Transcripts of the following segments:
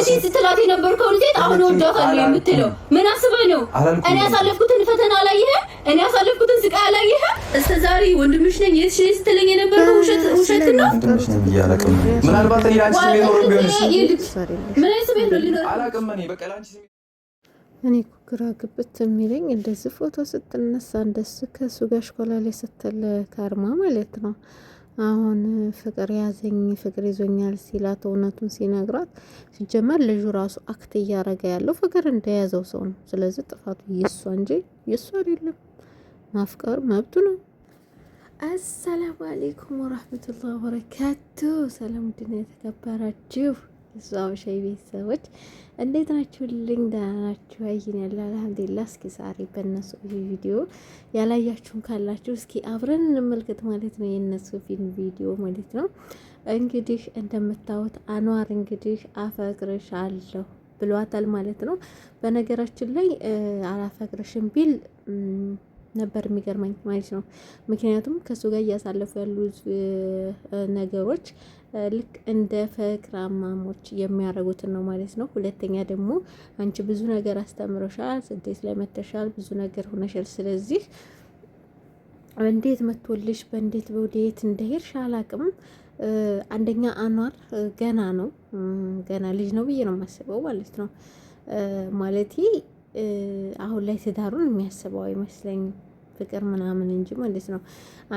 እዚህ ትላት የነበርከው ልጅት አሁን ወዳታለሁ የምትለው ምን አስበህ ነው? እኔ ያሳለፍኩትን ፈተና አላየህም? እኔ ያሳለፍኩትን ስቃይ አላየህም? እስከ ዛሬ ወንድምሽ ነኝ የእሱ ስትለኝ የነበርከው ውሸት ውሸት ነው። ወንድምሽ ነኝ ምናልባት ምን አይነት ስሜት ነው ሊኖረው እኔ እኮ ግራ ግብት የሚለኝ እንደዚህ ፎቶ ስትነሳ እንደሱ ከሱ ጋር ሽኮላ ላይ ስትል ከርማ ማለት ነው አሁን ፍቅር ያዘኝ ፍቅር ይዞኛል ሲላት እውነቱን ሲነግራት ሲጀመር ልጁ ራሱ አክት እያረገ ያለው ፍቅር እንደያዘው ሰው ነው። ስለዚህ ጥፋቱ የሷ እንጂ የሷ አይደለም። ማፍቀር መብቱ ነው። አሰላሙ አሌይኩም ወራህመቱላህ ወበረካቱ። ሰላም ድና የተከበራችሁ እሷ አበሻይ ቤተሰቦች እንዴት ናችሁልኝ? ደህና ናችሁ? አይን ያለ አልሐምዱሊላ። እስኪ ዛሬ በእነሱ ቪዲዮ ያላያችሁም ካላችሁ እስኪ አብረን እንመልከት ማለት ነው፣ የእነሱ ፊልም ቪዲዮ ማለት ነው። እንግዲህ እንደምታዩት አንዋር እንግዲህ አፈቅርሻለሁ ብሏታል ማለት ነው። በነገራችን ላይ አላፈቅርሽም ቢል ነበር የሚገርመኝ ማለት ነው። ምክንያቱም ከእሱ ጋር እያሳለፉ ያሉ ነገሮች ልክ እንደ አማሞች የሚያደርጉትን ነው ማለት ነው። ሁለተኛ ደግሞ አንቺ ብዙ ነገር አስተምረሻል፣ ስደት ላይ መተሻል፣ ብዙ ነገር ሆነሻል። ስለዚህ እንዴት መቶልሽ በእንዴት በውዴት እንደሄድሽ አላቅም። አንደኛ አኗር ገና ነው ገና ልጅ ነው ብዬ ነው የማስበው ማለት ነው ማለት አሁን ላይ ትዳሩን የሚያስበው አይመስለኝ ፍቅር ምናምን እንጂ ማለት ነው።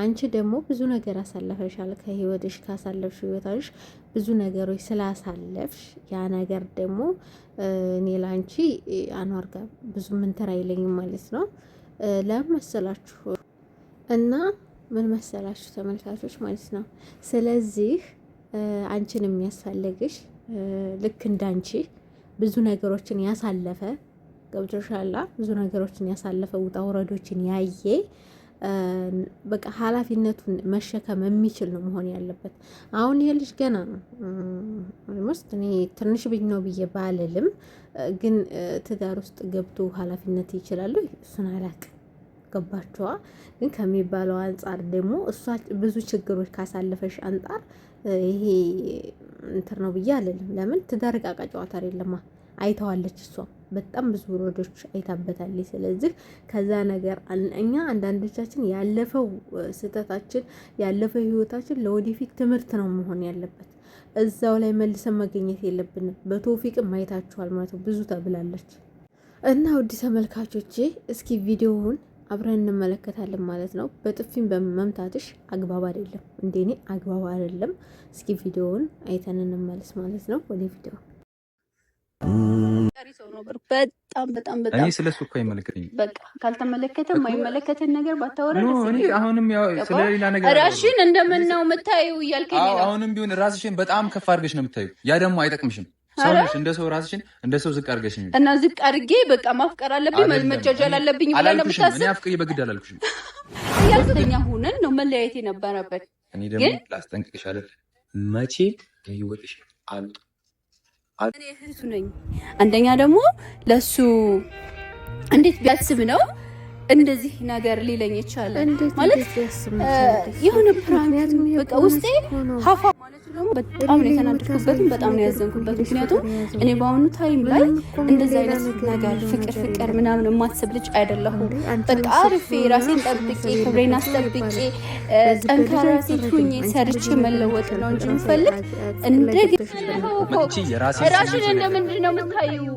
አንቺ ደግሞ ብዙ ነገር አሳለፈሻል። ከህይወትሽ ካሳለፍሽ ህይወታሽ ብዙ ነገሮች ስላሳለፍሽ ያ ነገር ደግሞ እኔ ላንቺ አኗር ጋር ብዙ ምንትር አይለኝም ማለት ነው። ለምን መሰላችሁ? እና ምን መሰላችሁ ተመልካቾች ማለት ነው። ስለዚህ አንቺን የሚያስፈልግሽ ልክ እንዳንቺ ብዙ ነገሮችን ያሳለፈ ገብቶሻላ። ብዙ ነገሮችን ያሳለፈ ውጣ ውረዶችን ያየ በቃ ኃላፊነቱን መሸከም የሚችል ነው መሆን ያለበት። አሁን ይሄ ልጅ ገና ነው። ኦልሞስት እኔ ትንሽ ብኝ ነው ብዬ ባልልም፣ ግን ትዳር ውስጥ ገብቶ ኃላፊነት ይችላሉ። እሱን አላቅ ገባቸዋ። ግን ከሚባለው አንጻር ደግሞ እሷ ብዙ ችግሮች ካሳለፈሽ አንጻር ይሄ እንትር ነው ብዬ አልልም። ለምን ትዳር ዕቃ ጨዋታ የለማ አይተዋለች እሷም በጣም ብዙ ውረዶች አይታበታል። ስለዚህ ከዛ ነገር እኛ አንዳንዶቻችን ያለፈው ስህተታችን ያለፈው ህይወታችን ለወደፊት ትምህርት ነው መሆን ያለበት። እዛው ላይ መልሰን መገኘት የለብንም። በቶፊቅም አይታችኋል ማለት ነው ብዙ ተብላለች እና ውድ ተመልካቾቼ እስኪ ቪዲዮውን አብረን እንመለከታለን ማለት ነው። በጥፊም በመምታትሽ አግባብ አይደለም፣ እንደኔ አግባብ አይደለም። እስኪ ቪዲዮውን አይተን እንመለስ ማለት ነው ወደ ቪዲዮ በጣም በጣም በጣም እኔ ስለ እሱ እኮ አይመለከተኝም። በቃ ነገር ባታወራ አሁንም ስለሌላ ነገር ራስሽን እያልከኝ ነው። አሁንም ቢሆን ራስሽን በጣም ከፍ አድርገሽ ነው የምታየው። ያ ደግሞ አይጠቅምሽም። ሰውነሽ እንደ ሰው ራስሽን እንደ ሰው ዝቅ አድርገሽ እና ዝቅ አድርጌ በቃ ማፍቀር አለብኝ መጃጃል አለብኝ ብላ ለምታስብ አፍቅሬ በግድ አላልኩሽም። ያልተኛ ነው መለያየት የነበረበት። እኔ ደግሞ መቼ እህቱ ነኝ። አንደኛ ደግሞ ለሱ እንዴት ቢያስብ ነው እንደዚህ ነገር ሊለኝ ይቻላል ማለት የሆነ ፕራንክ በቃ ውስጤ ሀፋ በጣም ነው የተናደድኩበትም በጣም ነው ያዘንኩበት። ምክንያቱም እኔ በአሁኑ ታይም ላይ እንደዚህ አይነት ነገር ፍቅር ፍቅር ምናምን የማትስብ ልጅ አይደለሁም። በቃ አርፌ ራሴን ጠብቄ ክብሬን አስጠብቄ ጠንካራ ሴት ሁኜ ሰርቼ መለወጥ ነው እንጂ የምፈልግ ራሽን እንደምንድን ነው የምታየው?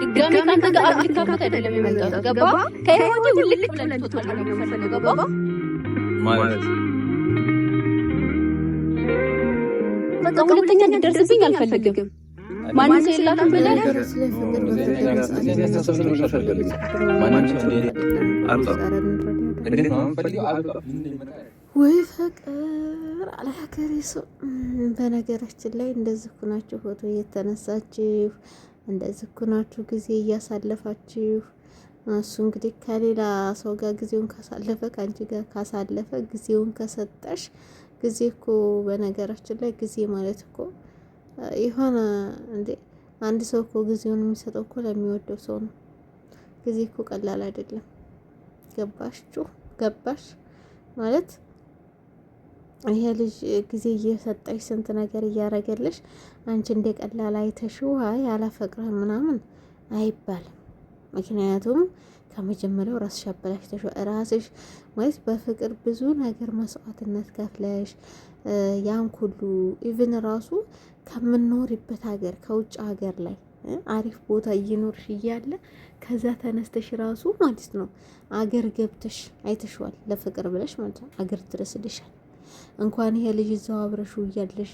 ድጋሜ ከአንተ ጋር አልካፈት አይደለም የመጣሁት። ገባ? ከህይወቴ ውልቅ ብለን ሁለተኛ እንዲደርስብኝ አልፈልግም። ማንም ሰው የላትም ብለን ወይ ፍቅር አለ ሀገሬ ሰው። በነገራችን ላይ እንደዚህ ሁናችሁ ፎቶ እየተነሳችሁ እንደዚህ ኩናችሁ ጊዜ እያሳለፋችሁ እሱ እንግዲህ ከሌላ ሰው ጋር ጊዜውን ካሳለፈ ከአንቺ ጋር ካሳለፈ ጊዜውን ከሰጠሽ ጊዜ እኮ በነገራችን ላይ ጊዜ ማለት እኮ የሆነ እንዴ አንድ ሰው እኮ ጊዜውን የሚሰጠው እኮ ለሚወደው ሰው ነው። ጊዜ እኮ ቀላል አይደለም። ጩ ገባሽ ማለት ይሄ ልጅ ጊዜ እየሰጠሽ ስንት ነገር እያረገልሽ አንቺ እንደ ቀላል አይተሽው አይ አላፈቅርህም ምናምን አይባልም። ምክንያቱም ከመጀመሪያው ራስሽ አበላሽተሽ ራስሽ ወይስ በፍቅር ብዙ ነገር መስዋዕትነት ከፍለሽ ያን ሁሉ ኢቭን ራሱ ከምንኖርበት ሀገር ከውጭ ሀገር ላይ አሪፍ ቦታ እየኖርሽ እያለ ከዛ ተነስተሽ ራሱ ማለት ነው አገር ገብተሽ አይተሽዋል፣ ለፍቅር ብለሽ ማለት ነው አገር ድረስ እንኳን ይሄ ልጅ እዛው አብረሹ እያለሽ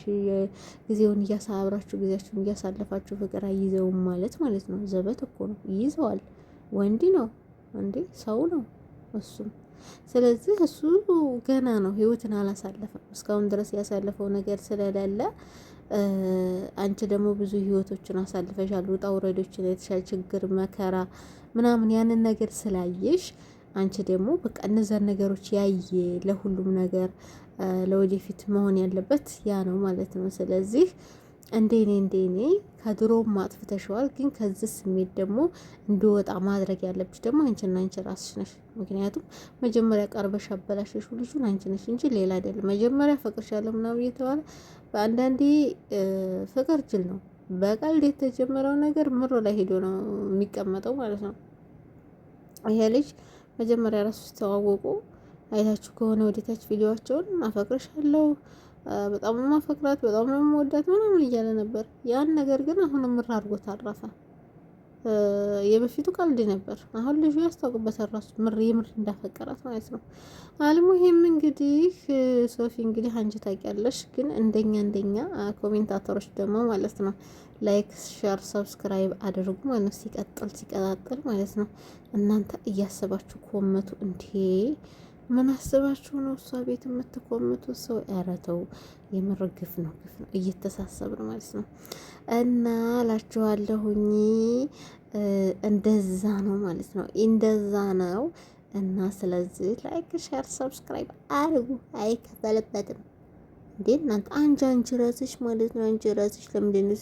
ጊዜውን እያሳብራችሁ ጊዜያችሁን እያሳለፋችሁ ፍቅር አይዘውም ማለት ማለት ነው። ዘበት እኮ ነው። ይዘዋል ወንድ ነው እንዴ ሰው ነው እሱም። ስለዚህ እሱ ገና ነው፣ ህይወትን አላሳለፈም። እስካሁን ድረስ ያሳለፈው ነገር ስለሌለ አንቺ ደግሞ ብዙ ህይወቶችን አሳልፈሻል፣ ውጣ ውረዶችን የተሻለ ችግር፣ መከራ ምናምን ያንን ነገር ስላየሽ አንቺ ደግሞ በቃ እነዛን ነገሮች ያየ ለሁሉም ነገር ለወደፊት መሆን ያለበት ያ ነው ማለት ነው። ስለዚህ እንደኔ እንደኔ ከድሮም አጥፍተሽዋል፣ ግን ከዚህ ስሜት ደግሞ እንዲወጣ ማድረግ ያለብሽ ደግሞ አንቺና አንቺ ራስሽ ነሽ። ምክንያቱም መጀመሪያ ቀርበሽ አበላሸሽው ልጁን አንቺ ነሽ እንጂ ሌላ አይደለም። መጀመሪያ ፈቅርሻለሁ ምናምን እየተባለ በአንዳንዴ ፍቅር ጅል ነው። በቀልድ የተጀመረው ነገር ምሮ ላይ ሄዶ ነው የሚቀመጠው ማለት ነው። ይሄ ልጅ መጀመሪያ ራሱ ተዋወቁ አይታችሁ ከሆነ ወደታች ቪዲዮዋቸውን አፈቅርሻለሁ፣ በጣም ነው ማፈቅራት፣ በጣም ነው መወዳት ምናምን እያለ ነበር። ያን ነገር ግን አሁን ምር አድርጎት አረፈ። የበፊቱ ቀልድ ነበር። አሁን ልጁ ያስታውቅበታል ራሱ ምር የምር እንዳፈቀራት ማለት ነው። ይሄም እንግዲህ ሶፊ እንግዲህ አንቺ ታውቂያለሽ፣ ግን እንደኛ እንደኛ ኮሜንታተሮች ደግሞ ማለት ነው ላይክ፣ ሸር፣ ሰብስክራይብ አድርጉ ማለት ነው። ሲቀጥል ሲቀጣጥል ማለት ነው እናንተ እያሰባችሁ ኮመቱ እንዴ ምን አስባችሁ ነው እሷ ቤት የምትቆምቱት ሰው? ኧረ ተው፣ የምር ግፍ ነው ግፍ ነው። እየተሳሰብን ማለት ነው። እና እላችኋለሁኝ እንደዛ ነው ማለት ነው። እንደዛ ነው እና ስለዚህ ላይክ፣ ሼር፣ ሰብስክራይብ አድርጉ። አይከፈልበትም እንዴ እናንተ አንቺ አንቺ ራስሽ ማለት ነው። አንቺ ራስሽ ለምንድን ነው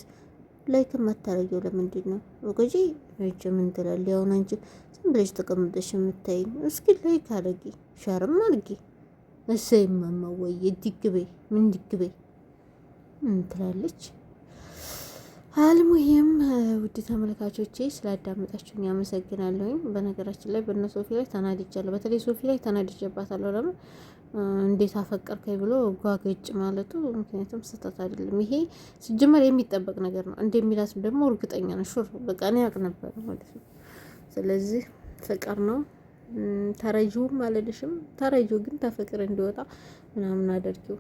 ላይክ የማታረጊው? ለምንድን ነው ወገጂ እጅ ምን ትላለህ? ያው አንቺ ዝም ብለሽ ተቀምጠሽ የምታይኝ እስኪ ላይክ አድርጊ፣ ሻርም አድርጊ። እሰይ እማማ ወይ ዲግበይ ምን ዲግበይ ምን ትላለች? አልሙሂም ውድ ተመልካቾቼ ስላዳመጣችሁ ያመሰግናለሁኝ። በነገራችን ላይ በእነ ሶፊ ላይ ተናድጃለሁ። በተለይ ሶፊ ላይ ተናድጄባታለሁ። ለምን እንዴት አፈቀርከኝ ብሎ ጓገጭ ማለቱ ምክንያቱም ስህተት አይደለም። ይሄ ሲጀመር የሚጠበቅ ነገር ነው። እንደሚላት ደግሞ እርግጠኛ ነው። ሹር በቃ እኔ ያውቅ ነበር ማለት ነው። ስለዚህ ፍቅር ነው። ተረጂውም አልልሽም። ተረጂው ግን ተፍቅር እንዲወጣ ምናምን አደርጊው።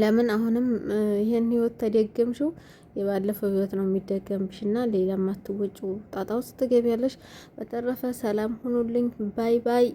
ለምን አሁንም ይሄን ህይወት ተደገምሽው የባለፈው ህይወት ነው የሚደገምሽ እና ሌላ ማትወጪ ጣጣ ውስጥ ትገቢያለሽ። በተረፈ ሰላም ሁኑልኝ። ባይ ባይ።